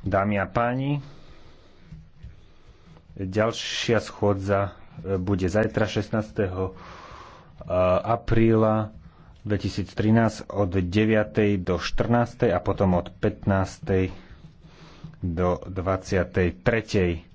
Dámy a páni, ďalšia schôdza e, bude zajtra 16. E, apríla 2013 od 9. do 14. a potom od 15. do 23.